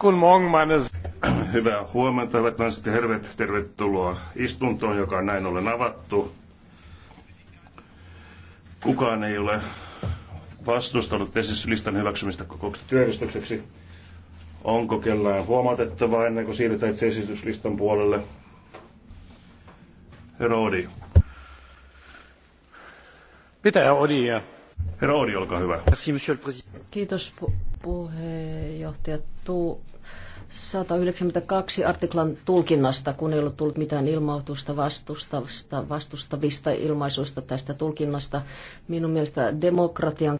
Guten Morgen, meine... Hyvää huomenta, hyvät naiset ja hervet. Tervetuloa istuntoon, joka on näin ollen avattu. Kukaan ei ole vastustanut listan hyväksymistä kokouksesta työjärjestykseksi. Onko kellään huomautettavaa ennen kuin siirrytään itse esityslistan puolelle? Herra Odi. Mitä Odi? Herra Odi, olkaa hyvä. Kiitos puheenjohtaja Tuu 192 artiklan tulkinnasta, kun ei ollut tullut mitään ilmautusta vastustavista, vastustavista ilmaisuista tästä tulkinnasta. Minun mielestä demokratian